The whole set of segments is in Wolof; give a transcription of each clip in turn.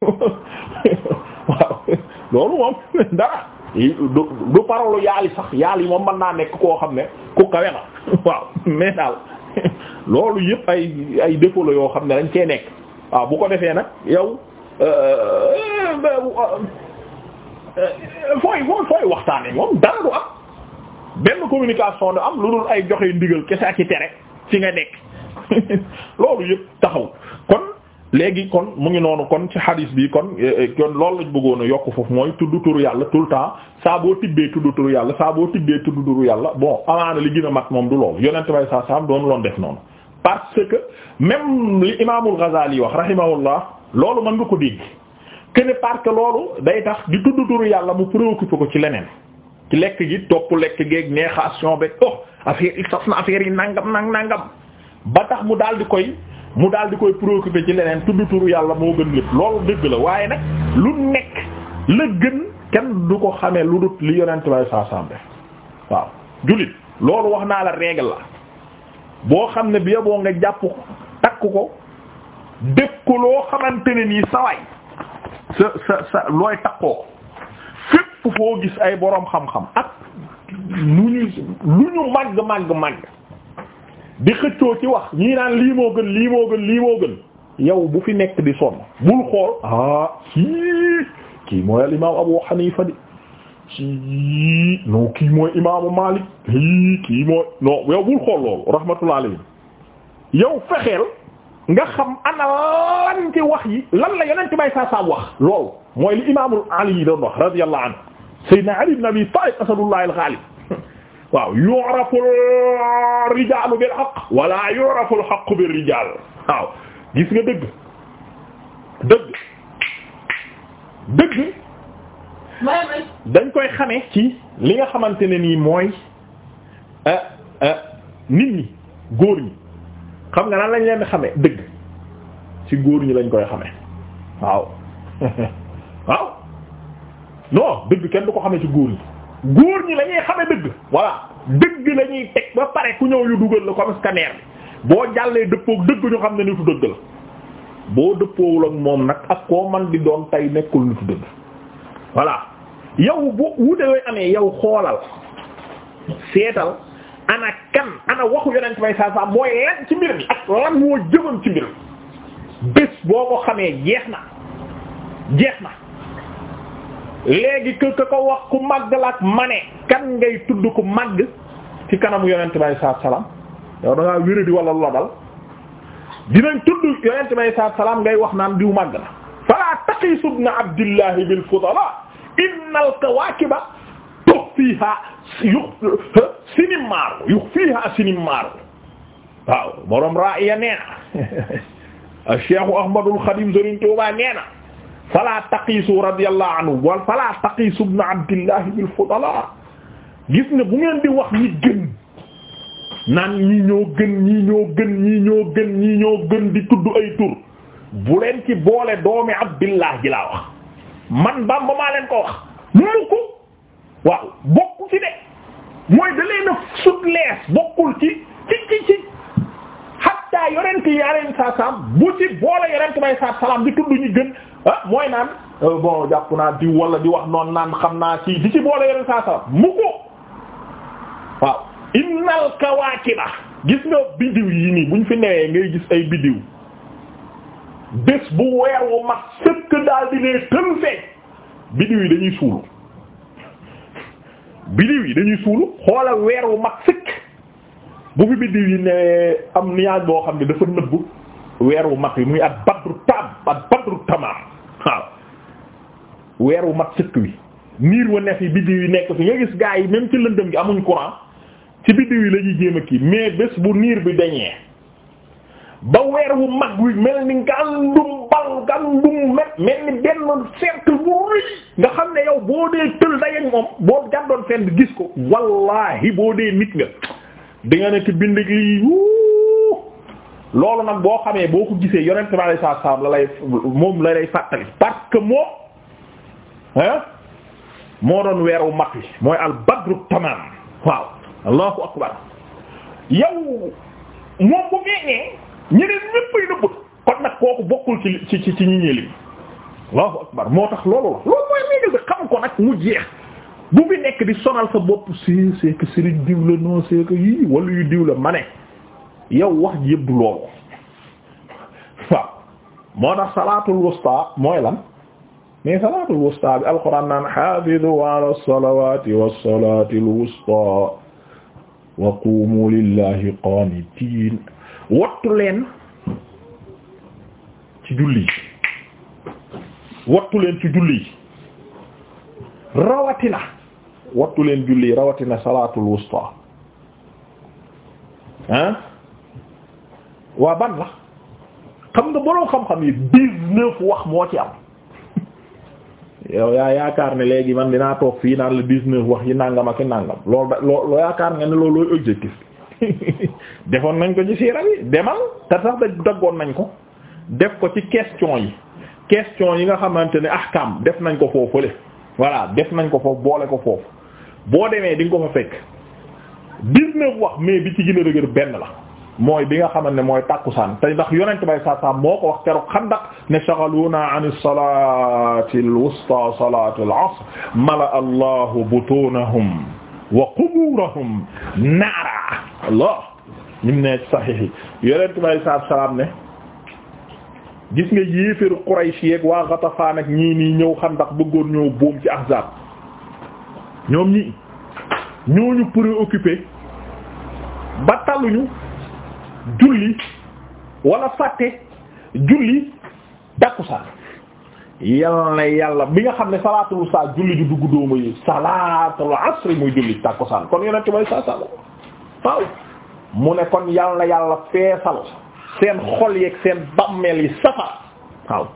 waaw loolu moom dara du du yaali sax yaali moom man naa nekk koo xam ne ku kawe na waaw mais daal loolu yëpp ay ay défaut la yoo xam ne dañ cee nekk waaw bu ko defee nag yow euh, euh, euh, fooy fooy waxtaanee moom dara du am benn communication du am lu dul ay joxe ndigal kese ak ci tere ci nga nekk loolu yëpp taxaw kon. léegi kon mu ngi noonu kon ci hadis bi kon eh, eh, kon loolu lañ bëggoon a yokk foofu mooy tudd turu yàlla tout le temps saa boo tibbee tudd turu yàlla saa boo tibbee tudd yàlla bon amaana li gën mat moom du loolu yonent bay saa saam doon loon def noonu parce que même li imaamul Ghazali wax rahimahullah loolu mën nga ko dégg que ne que loolu day tax di tudd turu yàlla mu préoccupé ko ci leneen ci lekk gi topp lekk geeg neexation beeg oh affaire yi saf na affaire yi nangam nang nangam ba tax mu daal di koy mu daal di koy préoccupé ci leneen tudd turu yàlla moo gën lépp loolu dëgg la waaye nag lu nekk la gën kenn du ko xamee lu dut li yonent wax naa la règle la boo xam ne bi yoboo nga jàpp ko ko dëkk ko loo xamante ne nii sawaay sa sa sa looy takkoo fépp foo gis ay boroom xam-xam ak lu ñu lu ñu màgg màgg màgg di xëccoo ci wax ñii naan lii moo gën lii moo gën lii moo gën yow bu fi nekk di sonn bul xool ah sii kii mooy al imaam Abu Hanifa di sii non kii mooy imaamu Malik kii mooy non yow bul xool loolu rahmatullah alayhi yow fexeel nga xam ana lan wax yi lan la yonent bay saa wax loolu mooy li imaamul Ali yi doon wax radiyallahu anhu sayyidina Ali ibn Abi Talib asadullahi al-ghalib waaw yu'raful rijaalu bil haqq wala yu'raful haqqu bir rijaal waaw gis nga dëgg dëgg dëgg dañ koy xamee ci li nga xamante ne nii mooy eh, eh, nit ñi góor ñi xam nga nan lañ leen xamee dëgg ci góor ñi lañ koy xamee waaw waaw non dëgg kenn du ko xamee ci góor ñi góor ñi la ñuy xame dëgg voilà dëgg la teg ba pare ku ñëw ñu dugal la comme scanner bi boo jàllee dëppook dëgg ñu xam ne nitu dëgg la boo dëppoowul ak moom nag ak koo man di doon tey nekkul nitu dëgg voilà yow boo wute yooyu amee yow xoolal seetal ana kan ana waxu yonent may saa saa mooy lan ci mbir mi ak lan moo jëman ci mbir mi bés boo ko xamee jeex na jeex na léegi que que ko wax ku màgg la ak ma kan ngay tudd ku màgg ci kanamu yonent bi alayhi salaam yow da ngaa salaam ngay wax naan diw màgg na. fala taqiisu ibna abdillahi bil fudala innal kawaakiba tuxfiiha sinimaaru yuxfiiha sinimaaru waaw borom raaya nee na Cheikh Ahmadul Xadim Sëriñ Tuubaa nee na fala taqiisu radiyallahu anhu wal fala taqiisu ibn abdillah bil fudala gis ne bu ngeen bi wax ñi gën naan ñi ñoo gën ñi ñoo gën ñi ñoo gën ñi ñoo gën di tudd ay tur bu leen ci boole doomi abdillah ji laa wax man Bamba maa leen ko wax mukk waaw bokku ci de mooy da leen a sut lees bokkul ci ci ci ci hatta yonent yi alayhi salaam bu ci boole yonent may salaam di tudd ñu gën ah mooy naan euh, bon jàpp naa di wala di wax noonu naan xam naa ci di ci boole saa salaam mu ko waaw innal kawaakiba gis nga biddiw yi nii buñ fi newee ngay gis ay biddiw bés bu weer wu mag sëkk daal ne tën feeñ biddiw yi dañuy suulu biddiw yi dañuy suulu xoola weer wu mag sëkk bu fi biddiw yi ne am nuage boo xam ne dafa nëbb weer wu mat wi muy at badru taam at badru tamaam waaw weer wu mat sëkk wi niir wa neef yi biddiw yi nekk fi nga gis gaa yi même ci lëndëm gi amuñ courant ci biddiw yi la ñuy jéem a kii mais bés bu niir bi dañee ba weer wu mag wi mel ni ngàndum bal ngàndum met mel ni benn cercle bu rëy nga xam ne yow boo dee tël dayeeg moom boo jàndoon fenn gis ko wallahi boo dee nit nga di nga nekk bind gi loolu nag boo xamee boo ko gisee yonent bi alayhi salaam la lay moom la lay fàttali parce que moom ah moo doon weeru mat wi mooy al badru tamam waaw allahu akbar yow moom bu feeñee ñeneen ñépp nëbbut kon nag kooku bokkul ci ci ci ñi ñëli allahu akbar moo tax loolu la loolu mooy léegal bi xam ko nag mu jeex bu fi nekk di sonal sa bopp si c'est que sëriñ diw la non c'est que yii wala yu diw la ma ne yow wax ji yëpp du loolu waaw moo tax salaatul wusta mooy lan mais salaatul wusta bi alquran naan hafizu ala salawati wassalatil wusta wa lillahi qanitin wattu leen ci julli rawatina wattu leen julli rawatina salaatul wusta ah waa ban la xam nga boroom xam-xam yi dix wax moo ci am yow yaa yaakaar ne léegi man dinaa toog fii naan la dix-neuf wax yi nàngam ak i nàngam loolu da loo yaakaar nga ne lool looy objectif defoon nañ ko ci siira bi demal te sax daggoon nañ ko def ko ci question yi question yi nga xamante ne ahkam def nañ ko foofu fële voilà def nañ ko foofu boole ko foofu boo demee di nga ko fa fekk dix-neuf wax mais bi ci gën a benn la mooy bi nga xamante ne mooy tàkkusaan tey ndax yonent bay saa saa moo ko wax keroog xandak ne shaghaluna an as-salati al-wusta salatu al-asr mala allahu butunahum wa quburahum naara allah ñim ne sahih yonent bay saa salaam ne gis nga yéeféru Quraysh yeeg waa Ghatafaan ñii nii ñëw xandak bëggoon ñëw boom ci ahzab ñoom ñi ñooñu préoccupé ba taluñu julli wala fàtte julli takkusaan yal na yàlla bi nga xam ne salaatul sa julli di dugg dóomu yi salaatul asri muy julli takkusaan kon yonent bay sa sala waaw mu ne kon yal yàlla feesal seen xol yeeg seen bàmmeel yi safara waaw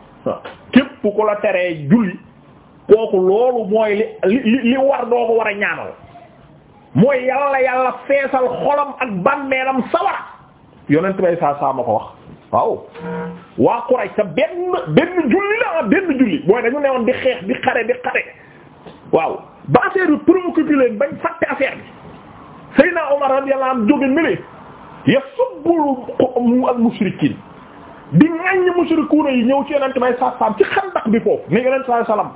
képp ku la teree julli kooku loolu mooy li li li war doo ko war a ñaanal mooy yàlla yàlla feesal xolam ak bàmmeelam sawara yonent bay saa saa ko wax waaw waa Quraysh sa benn benn julli la benn julli mooy dañu ne woon di xeex di xare di xare waaw ba affaire bi préoccupé leen bañ fàtte affaire bi Seydina Omar radiyallahu anhu jóge mili yasubbu al-mushrikiin di ŋaññi mushrikuuna yi ñëw ci yonent bay saa saam ci xandax bi foofu ne yonent saa salaam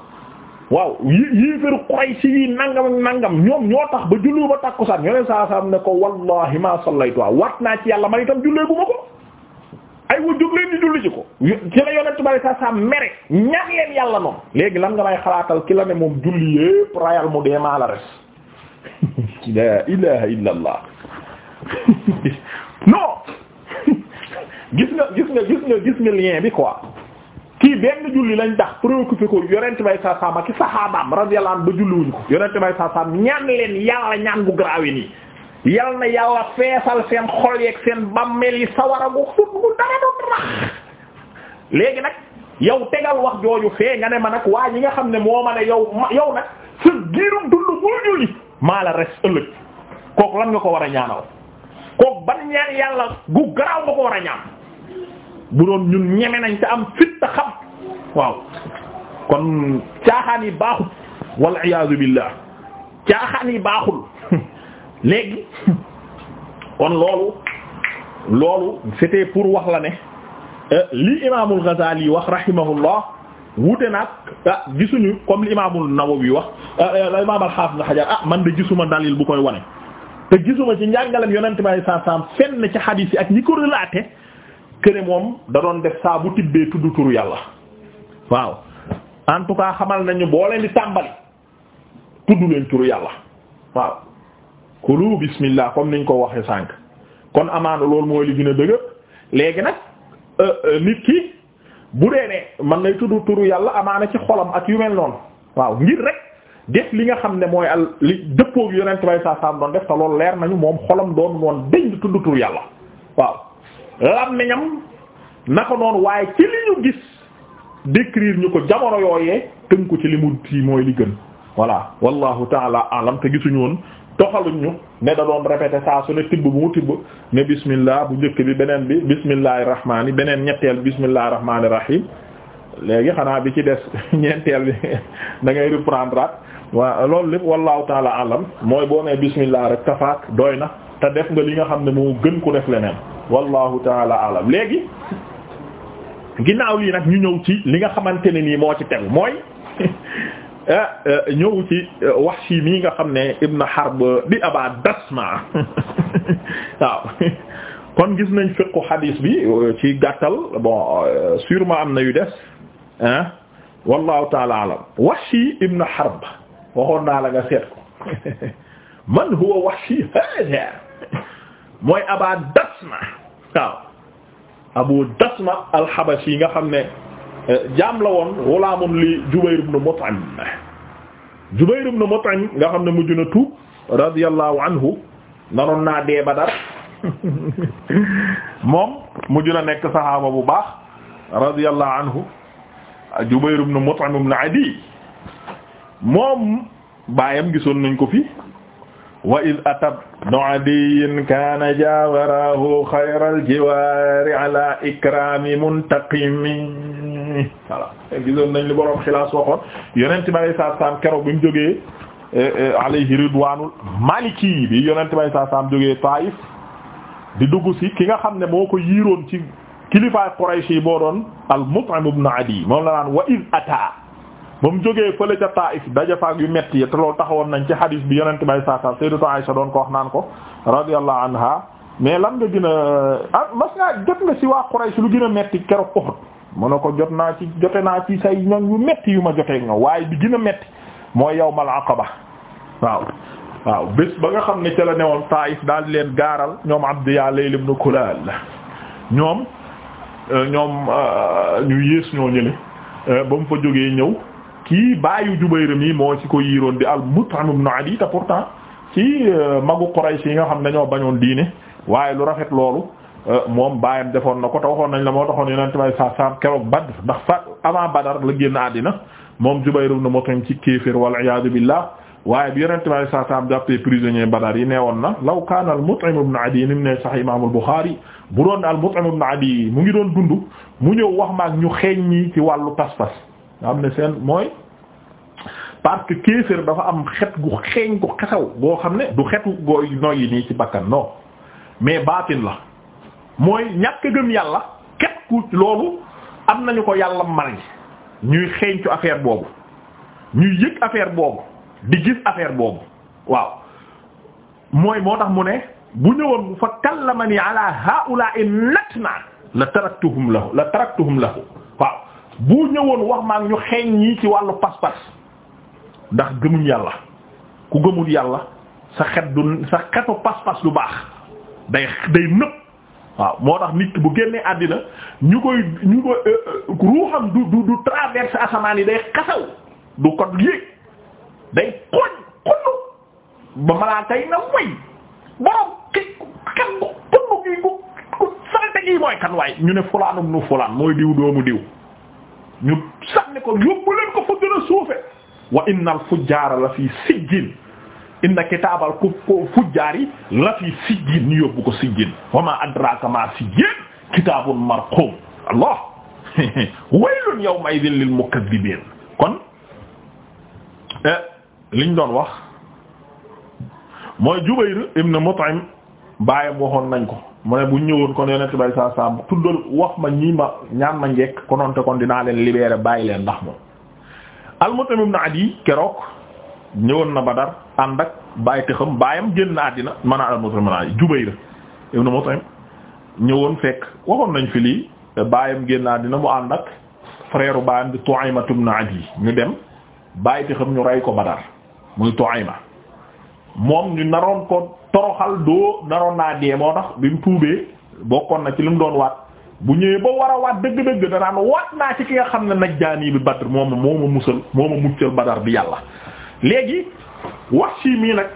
waaw yi yéeféru Quraysh yi nangam ak nangam ñoom ñoo tax ba jullu ba tàkkusaan yoneen saa saam ne ko wallahi ma sallaytu wat naa ci yàlla man itam jullee bu ma ko ay wa jóg leen di julli ci ko ci la yonent bari saa mere ñaan leen yàlla noonu léegi lan nga may xalaatal ki la ne moom julli yépp rayal mu dee maa la res la ilaha illa allah gis nga gis nga gis nga gis nga lien bi quoi kii benn julli lañ tax préoccupé ko yonent bay saa saam ak saxaabaam radiyallahu anhu ba julliwuñ ko yonent bay saa ñaan leen yàlla ñaan bu garaawe nii na yàlla feesal seen xol yeeg seen bàmmeel yi sawara gu xut gu dara du rax léegi nag yow tegal wax jooju fee nga ne ma nag waa ñi nga xam ne moo ma ne yow yow nag sa giirum dund boo julli maa la res ëllëg kooku lan nga ko war a ñaanal kooku ban ñaan yàlla gu garaaw nga ko war a ñaan bu doon ñun ñeme nañ te am fit ta xam waaw kon caaxaan yi baaxul wal iyaazu billah caaxaan yi baaxul léegi kon loolu loolu c'était pour wax la ne euh, li imaamul Ghazali yi wax rahimahullah wute nag ah gisuñu comme li imaamul Nawawi wax ah, euh, imaam al-Hafiz Hajar ah man de gisuma dalil bu koy wone te gisuma ci njàngalem yonent bi sallallahu alayhi wasallam fenn ci hadith yi ak ñi ko relaté këne moom da doon def saabu bu tibbee tudd turu yàlla waaw en tout cas xamal nañu boo leen di tàmbali tudd leen turu yàlla waaw kulu bismillah comme niñ ko waxee sànq kon amaana loolu mooy li gën a dëgër léegi nag euh, euh, nit ki bu dee ne man nay tudd turu yàlla amaana ci xolam ak yu mel noonu waaw ngir rek def li nga xam ne mooy al li dëppoog yonent bay saa saam doon def te loolu leer nañu moom xolam doon woon dañ di tudd turu yàlla làmmiñam naka noonu waaye ci li ñu gis décrire ñu ko jamono yooyee tënku ci li mu ci mooy li gën voilà wallahu taala alam te gisuñu woon toxaluñ ñu ne da doon répété saa su ne tibb bu mu tibb ne bismillah bu njëkk bi beneen bi bismillahi rahmaani beneen ñetteel bismillahi rahmaani rahim léegi xanaa bi ci des ñeenteel bi da ngay waa loolu lépp wallahu taala alam mooy boo nee bismillah rek kafaak doy na te def nga li nga xam ne moo gën ko def leneen wallahu taala alam léegi ginnaaw lii nag ñu ñëw ci li nga xamante ne nii moo ci tegu mooy ah, ah, ñëw ci wax ah, Wahshi mii nga xam ne Ibn Harb di Aba Dasma waaw kon gis nañ fiqu hadis bi euh, ci gàttal bon euh, sûrement am na yu des ah wallahu taala alam Wahshi Ibn Harb waxoon naa la nga seet ko man huwa Wahshi hada mooy aba dasma waaw abu dasma alxabashi nga xam ne eh, jaam la woon ghulaamun li jubayr ibn mut'im jubayr ibn mut'im nga xam ne mujj na tuub radiyallahu anhu naroon naa dee badar moom mujj na nekk saxaaba bu baax radiyallahu anhu jubayr ibn mut'im ibn adi moom baayam gisoon nañ ko fi wa id atab nu adiyin kaana jaawarahu xayral jiwaari ala ikrami muntaqimi voilà gisoon nañ li borom xilaas waxoon yonent bi alay saat salaam keroog bi mu jógee eh, eh, alayhi ridwaanul maliki bi yonent bi alay saat salaam jógee Taif di dugg si ki nga xam ne moo ko yiiroon ci kilifaay Quraysh yi boo doon al Mut'im ibn Adi moom la naan wa id ata ba mu jógee fële ca Taif daje faak yu metti te loolu taxawoon nañ ci hadis bi yonent bay saasan Sayyidatu Aisha doon ko wax naan ko radiyallahu anha mais lan nga gën a ah, mas ngaa jot nga ci waa Quraysh lu gën a metti keroog Uhud mu ne ko jot naa ci jote naa ci say ñoom yu metti yu ma jotee nga waaye bi gën a metti mooy yawmal aqaba waaw waaw bés ba nga xam ne ca la newoon Taif daal di leen gaaral ñoom Abdu yaa Layl ibn Kulal ñoom euh, ñoom euh, ñu yées ñoo ñële euh, ba mu jógee ñëw kii baayu Jubayr mi moo ci ko yiiroon di al-Mut'im ibn Adi te pourtant ci euh, magu Quraysh yi nga xam dañoo bañoon diine waaye lu rafet loolu euh, moom baayam defoon na ko te waxoon nañ la moo taxoon Yonent bi saa saa keroog Badr ndax fa avant Badr la génn àddina moom Jubayr ibn Mut'im ci kéefër wal iyaadu billah waaye bi Yonent bi saa saa jàppee prisonnier Badr yi neewoon na law kaana al-Mut'im ibn Adi ni mu ne Sahih Imam al-Bukhari bu doon al-Mut'im ibn Adi mu ngi doon dund mu ñëw wax maak ñu xeeñ ñi ci wàllu pas am xam seen mooy parce que dafa am xet gu xeeñ gu xesaw boo xam ne du xetu gooy noyyi nii ci bakkan non mais baatin la mooy ñàkk gëm yàlla xet ku loolu am nañu ko yàlla mari ñuy xeeñcu affaire boobu ñuy yëg affaire boobu di gis affaire boobu waaw mooy moo tax mu ne bu ñëwoon bu fa kallamani ala haa'ulaa'i natna la taraktuhum lahu la taraktuhum lahu waaw bu ñëwoon wax maak ñu xeeñ ñii ci wàllu pas-pas ndax gëmuñ yàlla ku gëmul yàlla sa xet du sa xetu pas-pas du baax day day nëb waaw moo tax nit bu génnee àddina ñu koy ñu koy euh, euh, ruuxam du du traverse asamaan yi day xasaw du kot yéeg day xoñ xunnu ba malaaka yi na way borom ki kan ku ku salte gi mooy kan waaye ñu ne fulaanum nu fulaan mooy diw doomu diw ñu sànni ko yóbbu leen ko suufe wa innal fujjaara la fii sijjin inna kitaabal ku la fii sijjin ñu yóbbu ko sijjin wa ma adraka ma sijjin allah waylun yawma idin lil kon eh, liñ doon wax mooy Jubayr ibn Mut'im baayam waxoon nañ ko mu ne bu ñëwoon kon yonent bay saa saa tuddal wax ma ñii ma ñaan ma njekk kononte kon dinaa leen libéré bàyyi leen ndax moom al-Mut'im ibn Adi keroog ñëwoon na Badar ànd ak bàyyi tëxam baayam génn na àddina man a al-Mut'im ibn ñëwoon fekk waxoon nañ fi lii baayam génn na àddina mu ànd ak frère baayam di Tu'ayma ibn Adi ñu dem bàyyi tëxam ñu rey ko Badar muy Tu'ayma moom ñu naroon ko toroxal doo naroon naa dee moo tax bi mu tuubee bokkoon na ci li mu doon waat bu ñëwee ba war a waat dëgg-dëgg danaan waat naa ci ki nga xam ne najjaani bi Badr moom moo ma musal moo ma muccal Badar bi yàlla léegi Wahshi mii nag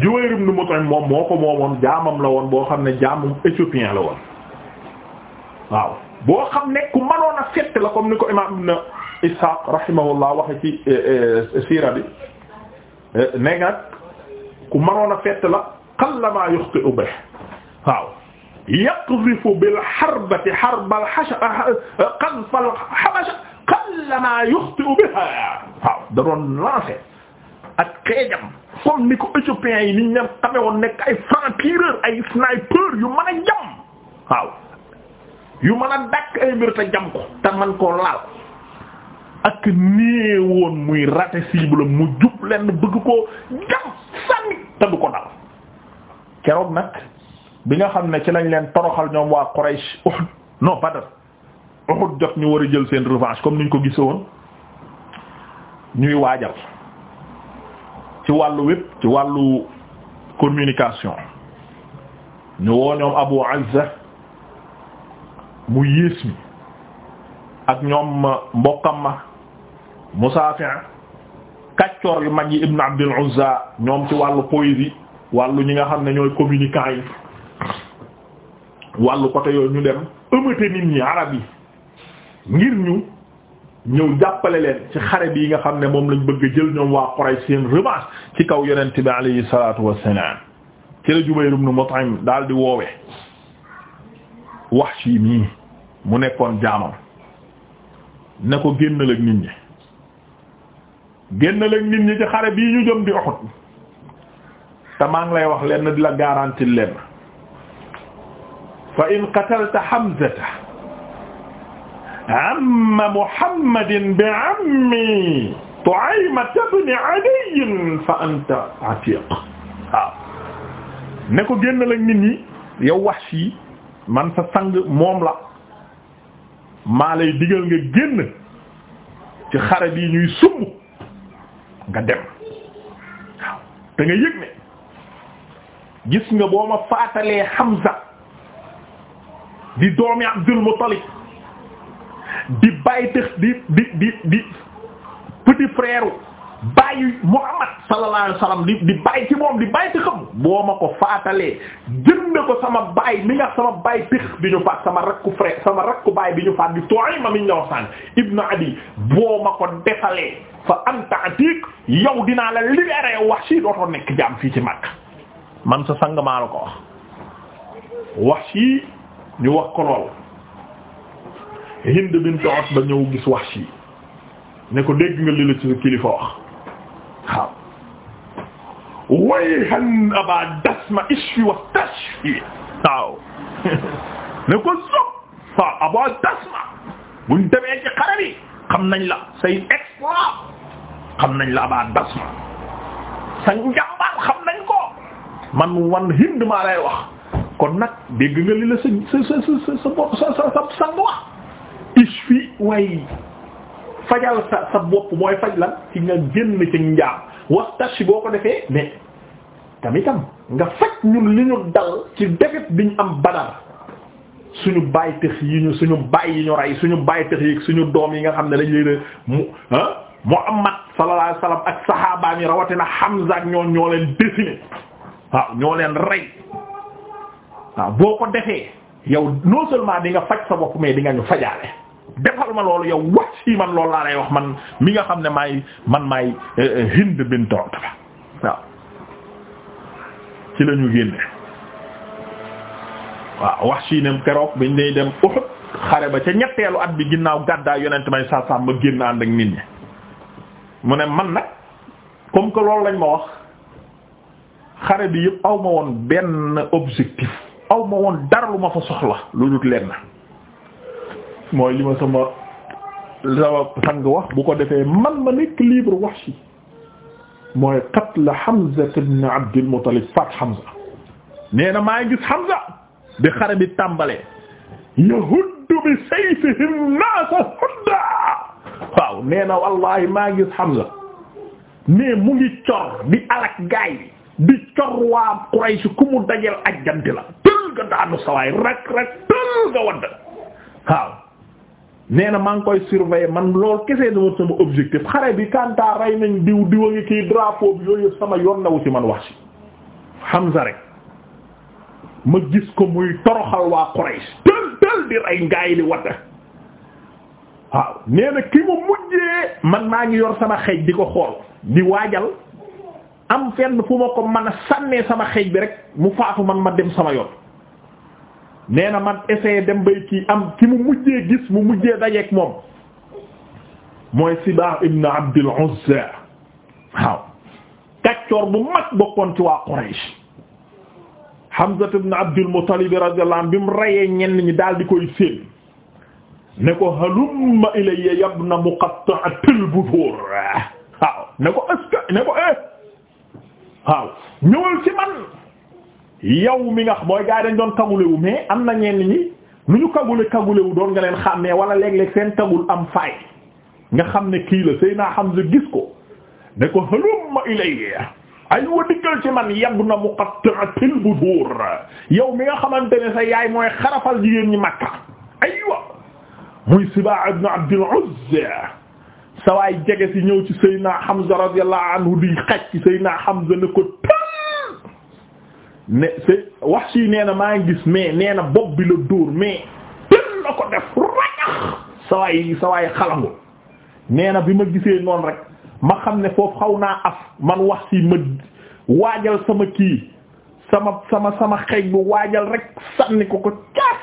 Juwayr ibn Mut'im moom moo ko moomoon jaamam la woon boo xam ne jaamum éthiopien la woon waaw boo xam ne ku manoon a fett la comme ni ko imaam Ibn Ishaq rahimahullah waxe ci eh, eh, siira bi eh, ne ku mënoon a fett la qallama yukhti'u bih waaw yaqdhifu bil harbati harbal hasha qadfal habasha qallama yukhti'u biha waaw da doon lancé ak xeejam comme ni ko éthiopiens yi niñ leen xame woon nekk ay franc-tireur ay sniper yu mën a jam waaw yu mën a dakk ay mbir te jam ko te man koo laal ak nee woon muy raté cible mu jub leen bëgg koo jam sànni te du ko dal keroog nag bi nga xam ne ci lañ leen toroxal ñoom waa Quraysh Uhud non Badr Uhud jot ñu war a jël seen revanche comme ñu ko gisoon ñuy waajal ci wàllu wépp ci wàllu communication ñu woo ñoom Abu Azza mu yées mi ak ñoom mbokkam ma Musaafi' kàccoor yu mag yi Ibn Abdul Uzza ñoom ci wàllu poésie wàllu ñi nga xam ne ñooy communicants yi wàllu côté yooyu ñu dem ëmmate nit ñi arab yi ngir ñu ñëw jàppale leen ci xare bi yi nga xam ne moom lañ bëgg jël ñoom waa Quraysh seen revanche ci kaw yonent bi alayhi salaatu wassalaam ci la Jubayr ibn Mut'im daal di woowe Wahshi mii mu nekkoon jaamam ne ko génnal ak nit ñi génn leen nit ñi ci xare bii ñu jëm di Uhud te maa ngi lay wax lenn di la garantie lenn fa in qatalta Hamzata amma Muhammadin bi ammi Tu'aymata ibn Adiy fa anta atiq waaw ko génn leen nit ñi yow Wahshi man sa sang moom la maa lay digal nga génn ci xare bii ñuy sumb nga dem te nga yëg ne gis nga boo ma faatalee Hamza di doomi Abdul Muttalib di bàyyi tëx di di di di petit frère bàyyi Muhammad sallallahu alayhi wasallam di di ci moom di bàyyi tëxam boo ma ko faatalee na ko sama baay mi nga sama baay tëx bi ñu faat sama rakku frère sama rakku baay bi ñu faat di Tu'ayma mi ñu la wax boo ma ko defalee fa anta atiq yow dinaa la libéré Wahshi dootoo nekk jaam fii ci Makka man sa sang maa ko wax Wahshi ñu wax ko lool Hind bint Utba ñëw gis Wahshi ne ko dégg nga li ci kilifa wax waaw wayhan aba dasma ishfi wa tashfi waaw ne ko sob waaw aba dasma buñ demee ci xare xam nañ la say exploit xam nañ la abaa dasma sa njàmbaar xam nañ ko man wan hind maa lay wax kon nag dégg nga li la sa sa sa sa bopp sa sa sa way fajal sa sa bopp mooy faj lan ki nga génn ci njaam wax tashi boo ko defee mais tamitam nga faj ñun li ñu dal ci defet biñ am badar suñu baay tëx yi ñu suñu baay yi ñu rey suñu baay tëx yi suñu doom yi nga xam ne dañ leen mu ah Muhammad sallallahu alayhi wasallam ak saxaabaam yi rawatina Hamza ak ñoo ñoo leen décimé waaw ñoo leen rey waaw boo ko defee yow non seulement di nga faj sa bopp mais di nga ñu fajaale defal ma loolu yow wax si man loolu laa lay wax man mi nga xam ne maay man maay eh, eh, Hind bint Utba waaw ci lañu génne waaw wax sii ne keroog biñ lay dem Uhud xare ba ca ñetteelu at bi ginnaaw gàddaay yonent may saa saa ma génn ànd ak nit ñi mu ne man nag comme que loolu lañ ma wax xare bi yëpp aw ma woon benn objectif aw ma woon dara lu ma fa soxla lu dul leen na mooy li ma sama sama sang wax bu ko defee man ma nekk wax si mooy qatl Hamza ibn Abdul Muttalib faat Hamza nee na maa gis Hamza di xare bi tàmbalee yahuddu bi sayfihim naasa hudda waaw nee na wallahi maa ngi Hamza mais mu ngi cor di alak gaay di cor waa Quraysh ku mu dajel ak janti la tël ga daanu sawaay rak rak tël ga wadd waaw nee na maa ngi koy surveiller man loolu kese na woon sama objectif xare bi kanta rey nañ diw diwa ngi kii drapeau yooyu sama yoon na wu ci man wax ci Hamza rek ma gis ko muy toroxal waa Quraysh tël tël di rey ngaay li wadd waaw nee ki ma mujjee man maa ngi yor sama xeej di ko xool di waajal am fenn fu ma ko mën a sànnee sama xeej bi rek mu faatu man ma dem sama yoon nee na man essayé dem bay kii am ki mu mujjee gis mu mujjee dajeek moom mooy Sibaa ibn Abdul Uzza waaw kaccoor bu mag bokkoon ci waa Quraysh Hamza ibn Abdul Muttalib radiyallahu anhu bi mu rayee ñenn ñi daal di koy séen ne ko halumma ilayya yabna muqatta'atil budur waaw ne ko aska ne ko eh ñëwal ci yow mi nga xam mooy gars yi dañ doon kagulewu am na ñenn lu ñu kagule kagulewu doon nga leen xàmmee wala léeg-léeg seen tagul am faay nga xam ne kii la Seyna Hamza gis ko ne ko halumma ilayya aywa dikkal ci man yaddu na muqatta'atil budur yow mi nga xamante ne sa yaay mooy xarafal jigéen ñi Makka aywa muy Sibaa ibn Abdul Uzza sa waay jege si ñëw ci Seydina Hamza radiyallahu anhu di xaj ci Seydina Hamza ne ko tënk ne Sey wax si nee na maa ngi gis mais nee na bopp bi la dóor mais tënk la ko def rañax sa waay sa waay xalangu nee na bi ma gisee noonu rek. ma xam ne foofu xaw naa af man wax si ma waajal sama kii sama sama sama xeej bu waajal rek sànni ko ko caas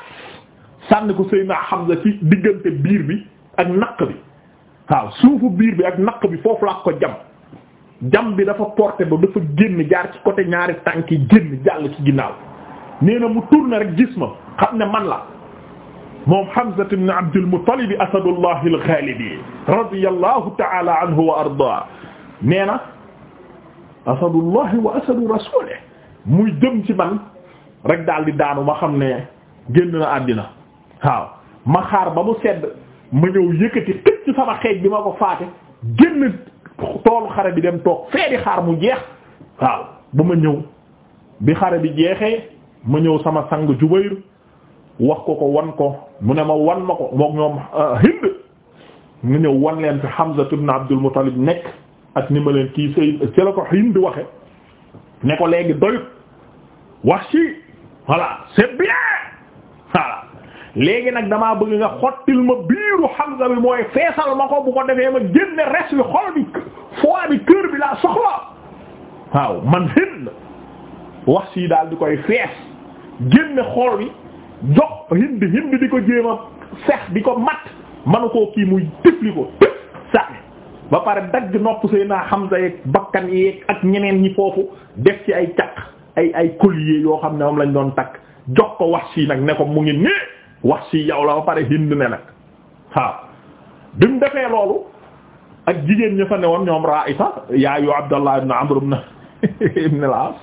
sànni ko Seydina Hamza ci diggante biir bi ak naq bi waaw suufu biir bi ak naq bi foofu laa ko jam jam bi dafa porté ba dafa génn jaar ci côté ñaari tànk yi génn jàll ci ginnaaw nee na mu tourné rek gis ma xam ne man la moom Hamza ibn Abdul Muttalib Asadullah al-Ghalib radiyallahu ta'ala anhu wa ardaa nee na Asadullah wa asadu rasulih muy jëm ci man rek daal di daanu ma xam ne génn na àddina waaw ma xaar ba mu sedd ma ñëw yëkkati xëcc sama xeej bi ma ko faate génn toolu xare bi dem toog fee di xaar mu jeex waaw ba ma ñëw bi xare bi jeexee ma ñëw sama sang Jubayr wax ko ko wan ko mu ne ma wan ma ko moom ñoom euh, Hind mu ñëw wan leen fi Hamza ibn Abdul Muttalib nekk ak ni ma leen kii sëy ci la ko Hind waxe ne ko léegi doyut wax ci voilà c'est bien voilà léegi nag damaa bëgg nga xottil ma biiru Hamza bi mooy feesal ma ko bu ko defee ma génne res bi xol bi foi bi cœur bi laa soxla waaw man Hind wax ci daal di koy fees génne xol bi jox hind hind di ko jéem a sex di ko mat manu koo kii muy tifli ko tëf sànni ba pare dagg nopp Seydina Hamza yeeg bakkan yi ak ñeneen ñi foofu def ci ay caq ay ay collier yoo xam ne moom lañ doon takk jox ko wax sii nag ne ko mu ngi nii Wahshi yow la ba pare hind ne nag waaw bi mu defee loolu ak jigéen ñi fa ne woon ñoom Raa'isa yaayu Abdallah ibn Amr ibn al-As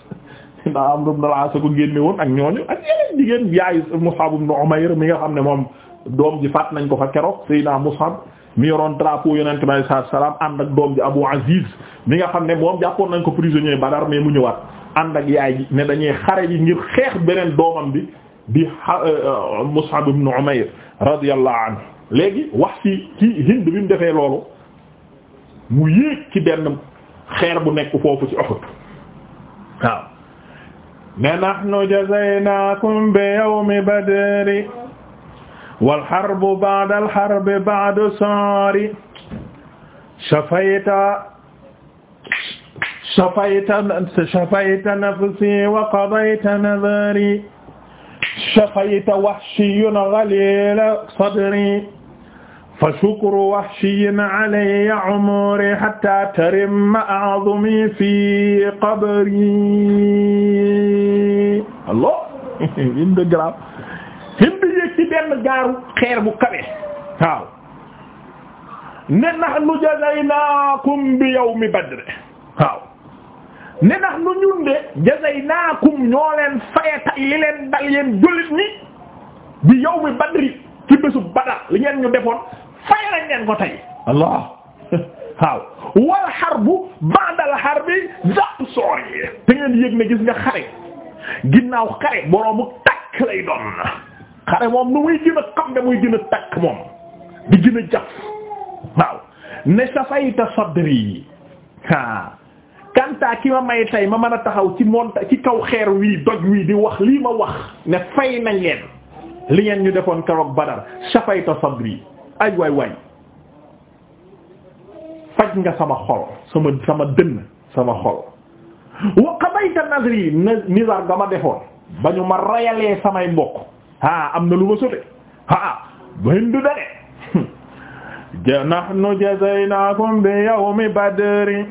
ndax Amru ibn al-As ko génnewoon ak ñooñu ak yeneen jigéen yaay Mus'ab ibn Umayr mi nga xam ne moom doom ji faat nañ ko fa keroog Seydina Mus'ab mi yoroon drapeau yonent bi alayhi salaatu salaam ànd ak doom ji Abu Aziz mi nga xam ne moom jàppoon nañ ko prisonnier Badar mais mu ñëwaat ànd ak yaay ji ne dañuy xare ji ngir xeex beneen doomam bi bi euh, euh, Mus'ab ibn Umayr radiyallahu anhu léegi wax ci ci Hind bi mu defee loolu mu yéeg ci benn xeer bu nekk foofu ci Uhud waaw ne nahnu jazaynaakum bi yawmi badri wal harbu ba'da al harbi ba'du saari shafayta shafayta shafayta nafsi wa qadayta nadari shafayta wahshiyyun ghalila sadri fa shukru wahshiyin alayya umri hatta tarimma a'zumi fi qabri allo in de grave him bi yéeg ci benn gaaru xeer bu kawe waaw ne nahnu jazaynaakum bi yawmi badr waaw ne nahnu ñun de jazaynaakum ñoo leen faye tay li leen dal yeen jullit ñi bi yawmi badri ci bésu Badar li ngeen ñu defoon fay nañ leen ko tey allah waaw wal harbu ba'dal harbi zaq soori te ngeen yëg ne gis nga xare ginnaaw xare boroomu takk lay doon xare moom nu muy gën a xam ne muy gën a takk moom di gën a jaf waaw ne safayta sadri ha kanta ki ma may tey ma mën a taxaw ci monta ci kaw xeer wii doj wii di wax lii ma wax ne fay nañ ngeen li ngeen ñu defoon keroog Badar safayta sadri ay way waay faj nga sama xol sama sama dënn sama xol wa qabayta nazri nizar ma defoon ba ñu ma rayalee samay mbokk ah am na lu ma sote ah Hindu dane nahnu jazaynaakum bi yawmi badri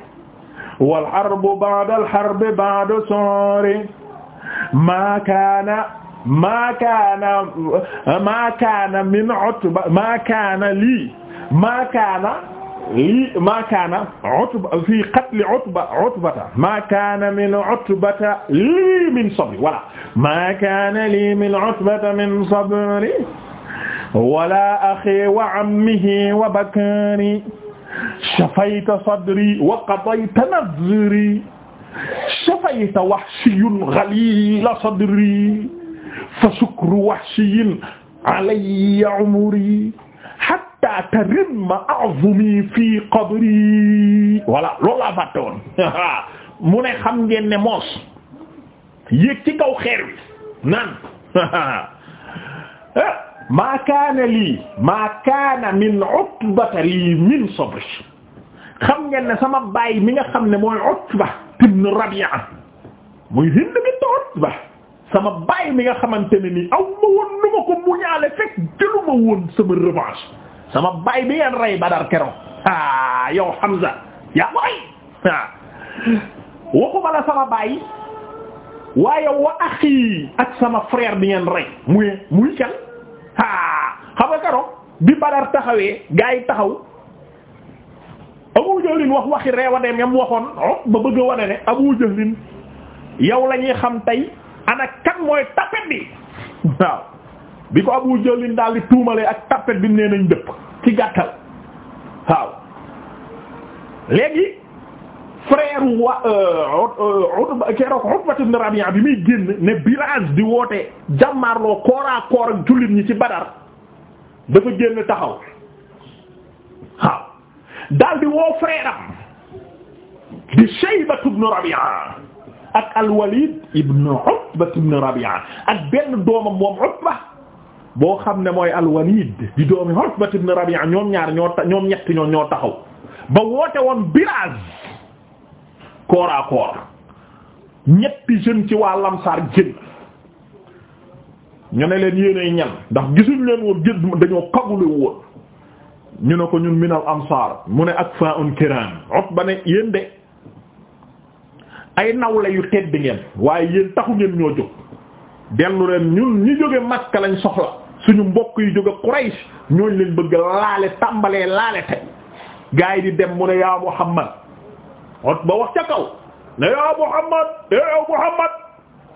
wal harbu ba'da al harbi ba'da sori ma kaana maa kaana maa kaana min Utba maa kaana lii maa kaana lii maa kaana Utba fii qatli Utba Utbata maa kaana min Utbata lii min sabri voilà maa kaana lii min Utbata min sabri wala axi wa ammihi wa bakri shafayta sadri wa qadayta nazri shafayta wahshiyyun ghaliila sadri fa sukru wahshiyin alayya umri hatta tarimma a'zumi fi qabri voilà loolu laa fàtte woon mu ne xam ngeen ne moos yéeg ci kaw xeer wi naan ah, maa kaana lii maa kaana min utbata lii min sabri xam ngeen ne sama baay mi nga xam ne mooy utba ibn rabi'a muy hind bint utba sama baay mi nga xamante ne nii aw ma woon nu ma ko muñaale fekk jëlu woon sama revanche sama baay bi ngeen rey Badar keroog ah yow Hamza yaa ko rey ah waxuma la sama baay waaye wa ak sama frère bi ngeen rey muy muy kan ah xam nga keroog bi Badar taxawee gaa yi taxaw. Abu Jahlin wax waxi reewaneem yam waxoon oh ba bëgg a wane ne Abu Jahlin yow la xam tey. ana kan mooy tapet bi waaw bi ko Abu daal di tuumalee ak tapet bi nee nañ dëpp ci gàttal waaw léegi frère wa euh, euh, keroog Utba ibn Rabi'a bi muy génn ne Bilal di woote jàmmaarloo kooraa koor ak jullit ñi ci Badar dafa génn taxaw waaw daal di woo frère am di Shayba ibn Rabi'a ak al-Walid ibn Utba ibn Rabi'a ak benn doomam moom Utba boo xam ne mooy al-Walid di doomi Utba ibn Rabi'a ñoom ñaar ñoo ñetti ñoom ñoo ñoo taxaw ba woote woon Biraz corps à corps ñetti jeunes ci waa Lamsar génn ñu ne leen yéenay ñan ndax gisuñ leen woon gis dañoo kagule woon ñu ne ko ñun minal ansaar mu ne ak fa un kiram Utba ne yéen de ay nawle yu tedd ngeen waaye yéen taxu ngeen ñoo jóg dellu leen ñu ñu jóge Makka lañ soxla suñu mbokk yu jóge Quraysh ñooñ leen bëgg laale tàmbalee laale tey gaay di dem mu ne yaa Muhammad ot ba wax ca kaw ne yaa Muhammad e eh, yow Muhammad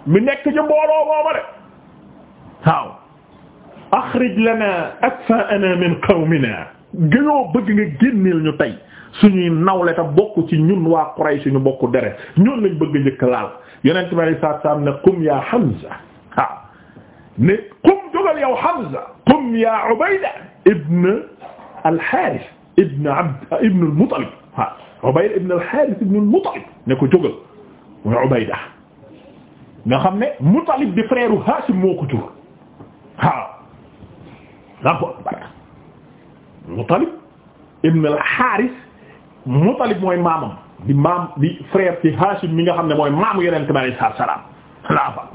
mi nekk ci mbooloo mooma de waaw akhrij lana akfaana min qawmina gënoo bëgg nga génneel ñu tey suñuy nawle ta bokk ci ñun waa Quraysh ñu bokk deret ñoon lañ bëgg njëkk laal yonent bi alayhi salaatu salaam ne qum ya Hamza waaw qum jógal yow Hamza qum ya Ubayda ibn al-Harith ibn ne ko jógal mooy Ubayda nga xam ne Muttalib di frère u Hashim moo ko jur waaw Allahu Mutalib mooy maamam di maam di frère ci Hashim mi nga xam ne mooy maamu yonent bi alayhi salaam laa fa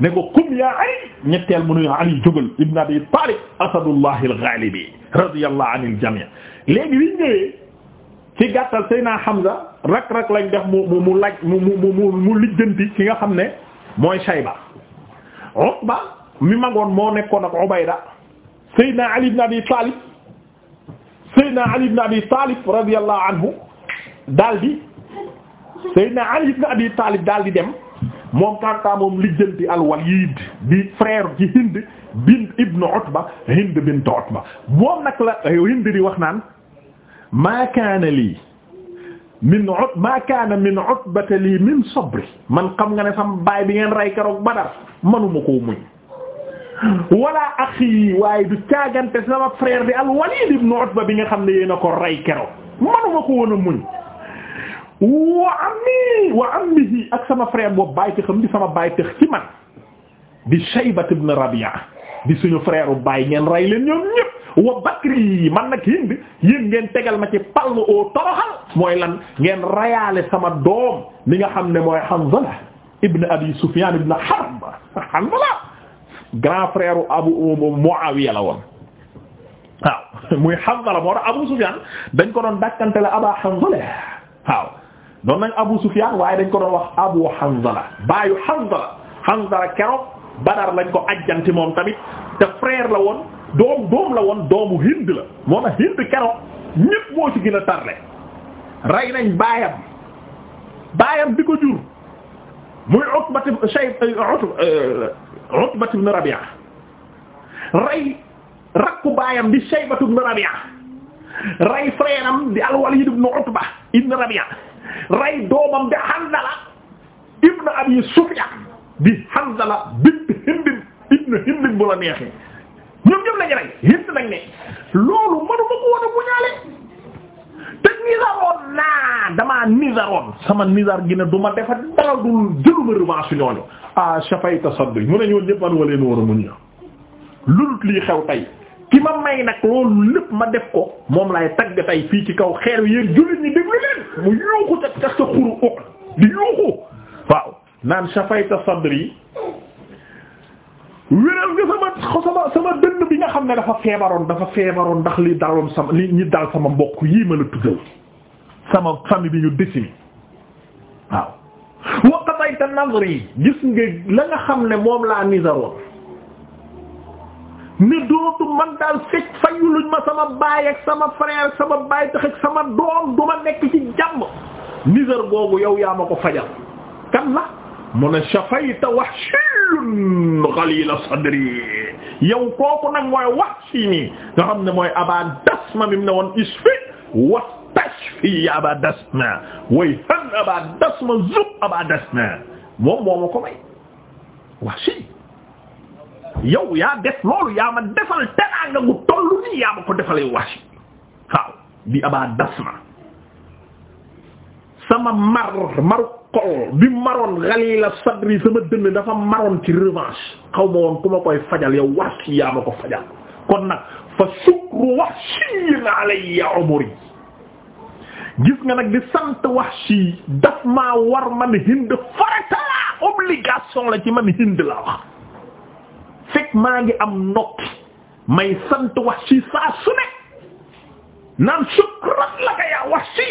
ne ko kum yaa Ali ñetteel mu ne Ali jógal ibn Abi Talib asadullahi al-ghalibi radiyallahu anil jami' léegi liñ ñëwee ci gàttal Seyna Hamza rak-rak lañ def mu mu mu laaj ki nga xam ne mooy Shayba Utba mi magoon moo nekkoon ak Ubayda Seyna Ali ibn Abi Talib Seydina Ali ibn Abi Talib radiyallahu anhu daal di Seydina Ali ibn Abi Talib daal di dem moom kàntaa moom lijjanti al-Walid di frère ci Hind bint ibn Utba Hind bint Utba moom nag la Hind di wax naan ma kaana lii min ut ma kaana min utbata lii min sabri man xam nga ne sam baay bi ngeen rey keroog Badar manuma koo muñ wala axi waaye du caagante sama frère bi al Walid ibn Utba bi nga xam ne yéen a ko ray kero manuma ko woon a muñ wa ammi wa ammihi ak sama frère boobu bàyyi tëxam di sama bàyyi tëx ci man di Shaybat ibn Rabi'a di suñu frère bu bàyyi ngeen ray leen ñoom ñëpp wa Bakri man nag Hind yéen ngeen tegal ma ci palme au toroxal mooy lan ngeen reyaale sama doom li nga xam ne mooy Hanzala ibn Abi Sufyan ibn Harb Hanzala grand frère abu Muawiya la woon waaw muy Hanzala moo Abu Sufyan dañ ko doon dàkkante la Aba Hanzala waaw doon nañ Abu Sufyan waaye dañ ko doon wax Abu Hanzala baayu Hanzala Hanzala keroog Badar lañ ko ajanti moom tamit te frère la doom doom la woon doomu Hind la moo tax Hind keroog ñépp moo ci gën a tarle rey nañ baayam baayam bi ko jur muy Utba Shayb euh, Utba ibn Rabi'a rey rakku baayam di Shayba ibn Rabi'a rey frère am di al-Walid ibn Utba ibn Rabi'a rey doomam di Hanzala ibn Abi Sufyan di Hanzala bint Hind ibn Hind bu la neexee ñoom ñoom lañu rey Hind nag ne loolu mënuma ko woon a muñaale te nizaroon naa damaa nizaroon sama nizar gi ne du ma defa dara dul jëluma revanche ñooñu ah shafayta sadri mu ne ñoon ñëpp man waleen war a muñ a lulut lii xew tey ki ma may nag loolu lépp ma def ko moom lay tagg tey fii ci kaw xeer yéen jullit ñi déglu leen mu yuuxu ca ca sa xuru uq di yuuxu waaw naan shafayta sadri wéral nga sama sama dënn bi nga xam ne dafa feebaroon dafa feebaroon ndax li daloon sama li ñi dal sama mbokk yii ma la tuddal sama famille bi ñu décimé waaw waqatayta nazr yi gis la nga xam ne moom laa nisaroon ni dootu man daal fekk fayuluñ ma sama baay ak sama frère sama baay tax ak sama doom duma nekk ci jàmm nisar googu yow yaa ma ko fajal kan la mu ne shafayta wahshi xalilun xalila sadri nag mooy wax si nga xam ne mooy aba dasma bi mu ne woon isfi wastashfi ya aba dasma way han aba dasma zub aba dasma moom mooma ko may wax si yow yaa def loolu yaa ma defal teraanga gu tollu nii yaa ma ko defalee wax si waaw bi aba dasma sama mar maru xol bi maroon xalila sadri sama dënn dafa maroon ci revanche xaw ma woon ku ma koy fajal yow wax si yaa ma ko fajal kon nag fa sukru wax si na alayya umri gis nga nag di sant wax si daf maa war man hind faratala obligation la ci man hind la wax fekk maa ngi am nokki may sant wax si saa su ne naan sukran la ka yaa wax si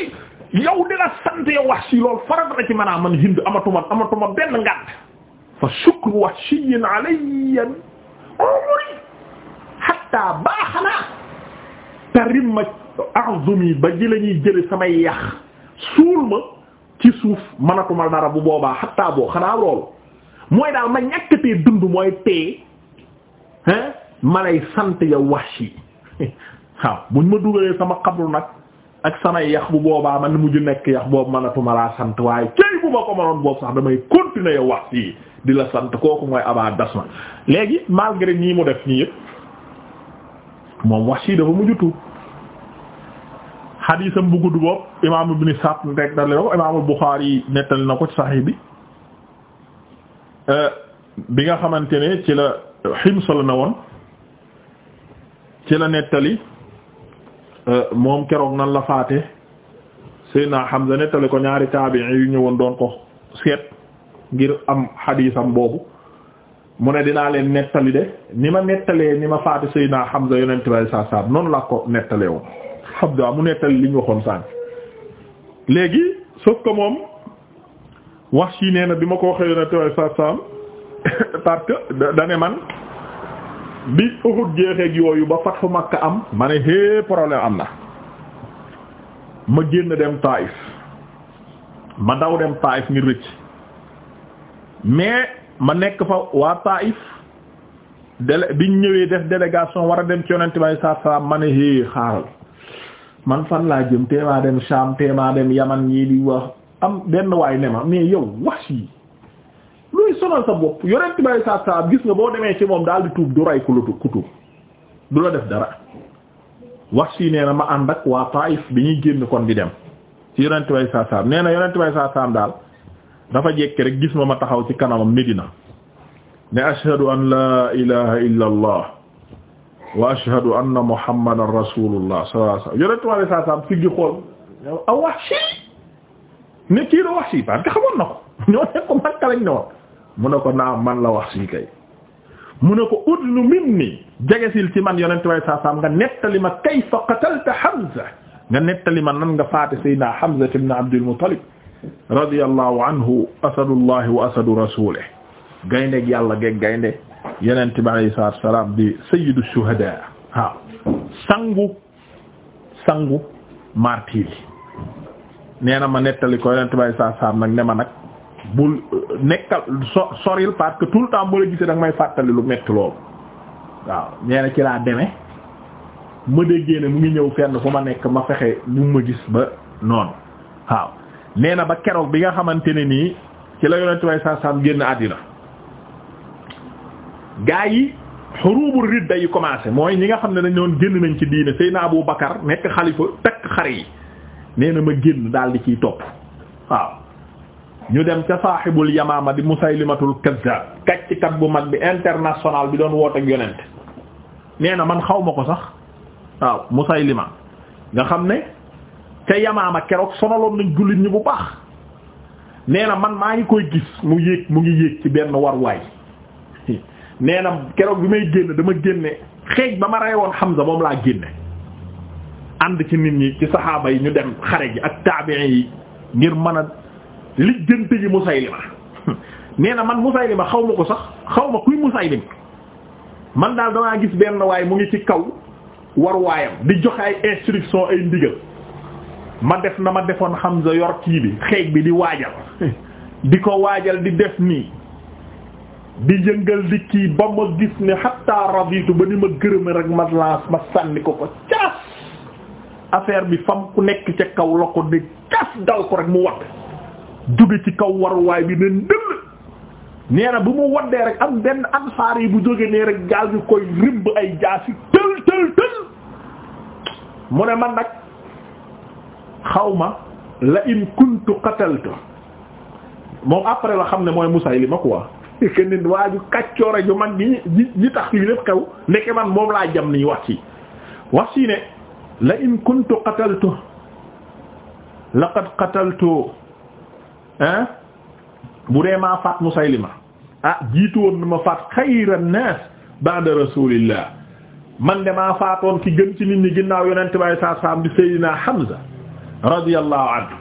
yow dina sant yow wax si loolu farata la man a Hind amatuma amatuma benn ngànt fa shukru wax si yéen alayya umri hatta baaxanaa tarim ma a'zumi ba ji la ñuy jële suul ma ci suuf mënatuma dara bu boobaa hatta boo xanaa mooy daal ma ñàkkatee dund mooy tee hein ma lay sant yow wax si waaw buñ ma dugalee sama xabru nag ak samay yax bu boobaa man mujj nekk yax boobu manatuma laa sant waaye cëy ma ko manoon boobu sax damay continuer wax fii di la sant kooku mooy abaa dasma léegi malgré nii mu def nii yëpp moom wax sii dafa mujj tuub xadiisam bu gudd boobu imaam ibn Sa'd nekk dale ko imaamul Buxaari nettali na ko ci Sahih bi bi nga xamante ne ci la Hims la ne woon ci la nettali Euh, moom keroog nan la faate Seydina Hamza nettali ko ñaari taabi'i yu ñëwoon doon ko seet ngir am xadiisam boobu mu ne dinaa leen nettali de ni ma nettalee ni ma faate Seydina Hamza yonent bay saa saab noonu laa ko nettalee woon Abdou mu nettali li ñu waxoon sànq léegi sauf que moom wax si nee na bi ma ko waxee yonent bay saa saab parce que da ne man bi Uhud jeexeeg yooyu ba fatxu Makka am ma ne hé problème am na ma génn dem Taïf ma daw dem Taïf ngir rëcc mais ma nekk fa waa Taïf délé biñ ñëwee def délégation war a dem ci yonent bi saa salaam ma ne hé xaaral man fan laa jëm teemaa dem Sham teemaa dem Yaman yi di wax am benn waay ne ma mais yow wax yi ngay sonal sa bopp yonent bi alei gis nga boo demee ci moom daal di tuub du ray ku lu ku tuub du la def dara wax si nee na ma ànd ak waa Taif bi ñuy génn kon di dem ci yonent bi alei saatu nee na yonent bi alei saatu daal dafa jekke rek gis ma ma taxaw ci kanamam Medina ne ashhadu an la ilaha xool aw wax ne kii la wax si parce xamoon na ko ñoo nekk ko Makka ne woon mu ne ko naam man la wax sii kay mu ne ko udlu minni jegesil ci man yonent way saa saam nga nettali ma kayfa qatalta Hamza nga nettali ma nan nga faate sayyidina Hamza ibn Abdul Muttalib radiyallahu anhu asadullah wa asadu rasulih gaynde yàlla geeg gaynde yonent bi alayhi salaatu salaam di sayyidu shuhada sangu sangu martyr na ma nettali bul nekkal so soril parce que tout le temps bu la gisee da nga may fàttali lu metti loolu waaw nee na ci laa demee ma déggee ne mu ngi ñëw fenn fu ma nekk ma fexe ñu ma gis ba noonu waaw nee na ba keroog bi nga xamante ne nii ci la yonent way sasam génn àddina gaa yi xurubul ridda day commencé mooy ñi nga xam ne dañ doon génn nañ ci diine Seydina Abu Bakar nekk xalifa takk xare yi nee na ma génn daal di ciy topp waaw ñu dem ca saaxibul yamaama di musaylimatul kazzab kàccikat bu mag bi international bi doon wooteeg yonent nee na man xaw ma ko sax waaw musaylima nga xam ne ca yamaama keroog sonaloon nañ jullit ñi bu baax nee na man maa ngi koy gis mu yéeg mu ngi yéeg ci benn waruwaay nee na keroog bi may génn dama génne xeej ba ma rey woon Hamza moom laa génne ànd ci nit ñi ci saxaaba yi ñu dem xare ji ak taabiin yi ngir mën a lijjanti ji Musaylima nee na man Musaylima xaw ma ko sax xaw ma kuy Musaylim man daal damaa gis benn waay mu ngi ci kaw war waayam di joxe ay instruction ay ndigal ma def na ma defoon Hamza yor kii bi xeej bi di waajal di ko waajal di def nii di yëngal di kii ba ma gis ne xatta raditu ba ni ma gërëme rek ma lance ma sànni ko ko cas affaire bi fam ku nekk ca kaw la ko ne cas dal ko rek mu wadd jóge ci kaw waruwaay bi ni ndëll nee na bu mu waddee rek am benn ansaar yi bu jóge nee rek gaal gi koy ribb ay jaasi tël tël tël mu ne man nag xawma la in kuntu qataltu moom après la xam ne mooy Musaylima quoi kenn waa ju kaccoor ju mag gi ñi ñi tax lii lépp kaw nekk man moom laa jam ni wax ci wax ci ne la in kuntu qataltu laqad qataltu ah bu dee maa faat Musaylima ah jiitu woon na ma faat xayra naas ba'da rasulillah man de maa faatoon ki gën ci nit ñi ginnaaw yonent bay saa saam di Seydina Hamza radiyallahu anhu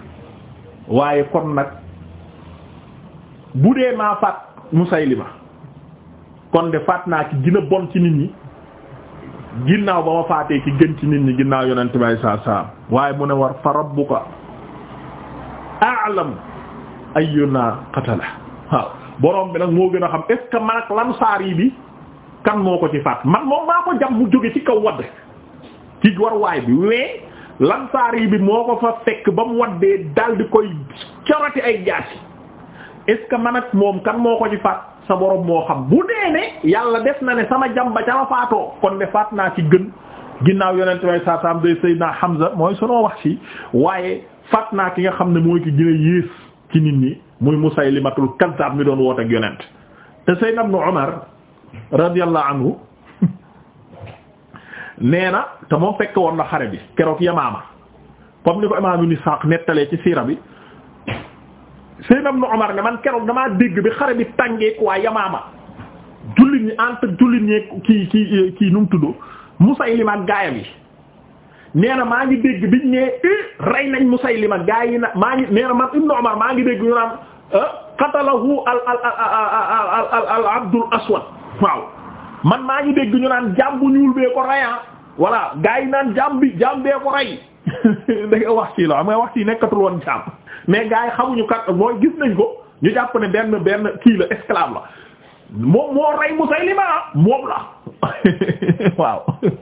waaye kon nag bu dee maa faat Musaylima kon de faat naa ki gën bon ci nit ñi ginnaaw ba ma faatee ki gën ci nit ñi ginnaaw yonent bay saa saam waaye mu ne war fa rabbuka a'lam ay ayyuna qatala waaw borom bi nag moo gën a xam est ce que man bi kan moo ko ci faat man moom maa ko jam mu jóge ci kaw wadd ci warwaay bi wee lansaar yi bi moo ko fa fekk ba mu waddee dal di koy coroti ay jaasi est ce que man ak moom kan moo ko ci faat sa borom moo xam bu dee ne yàlla def na ne sama jam ba ca la faatoo kon ne faat naa ci gën ginnaaw yonent way saa saam day Seydina Hamza mooy sunoo wax si waaye faat naa ki nga xam ne mooy ki ci nit ñi muy Musaylimatul Kazzaab mi doon woot ak yonent te Seydina Ibnu Umar radiyallahu anhu nee na te moo fekke woon la xare bi keroog Yamaama comme ni ko imaam Ibnu Isaaq nettalee ci siira bi Seydina Ibnu Umar ne man keroog damaa dégg bi xare bi tàngee waa Yamaama jullit ñi entre jullit ñi kii kii kii nu mu tudd Musaylima gaayam yi nee na maa ngi dégg biñ ne rey nañ Musaylima gaa yi na maa ngi nee na man Ibn Umar maa ngi dégg ñu naan qatalahu al al al al al Abdul Aswad waaw man maa ngi dégg ñu naan jaam bu ñuul bee ko rey ah. voilà gaa yi naan jaam bi jaam bee ko rey da wax ci la am wax ci nekkatul woon jaam mais gaa xamuñu kat mooy gis nañ ko ñu jàpp ne benn benn kii la esclave la moom moo rey Musaylima ah. moom la waaw.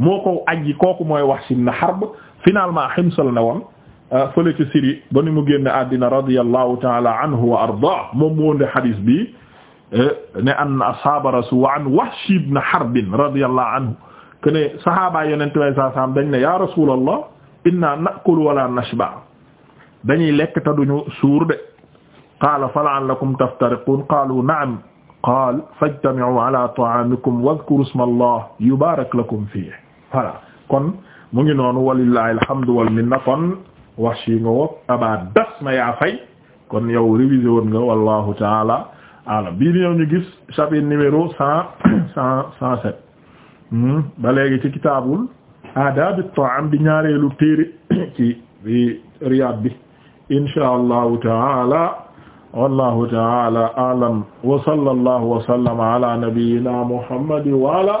moo ko aji kooku mooy Wahsh ibn Harb finalement Himsal ne woon euh, fële ci Syrie ba ni mu génne àddina radiyallahu ta'ala anhu wa ardaah moom mu wonde hadis bi euh, ne an ashaaba rasul wa an Wahsh ibn Harb radiyallahu anhu que ne sahaaba yonente way saa saam dañ ne ya rasulallah inna na'kulu wala nashba dañuy lekk te duñu suur de qaala fala'allakum taftariqun qaalu na'am qaala fajtami'u ala ta'amikum wadhkuru isma allah yubarak lakum fihi voilà kon mu ngi noonu walillahi alhamdu wal minna kon wax yi nga wop aba kon yow révisé woon nga wallahu taala alam bii di ñëw ñu gis chapitre numéro cent cent hmm? ba ci kitaabul aadaabi ta'am bi ñaareelu téere ci bi Riyad bi allahu taala wallahu taala alam wa sallallahu wa sallama ala nabiyyina muhammad wa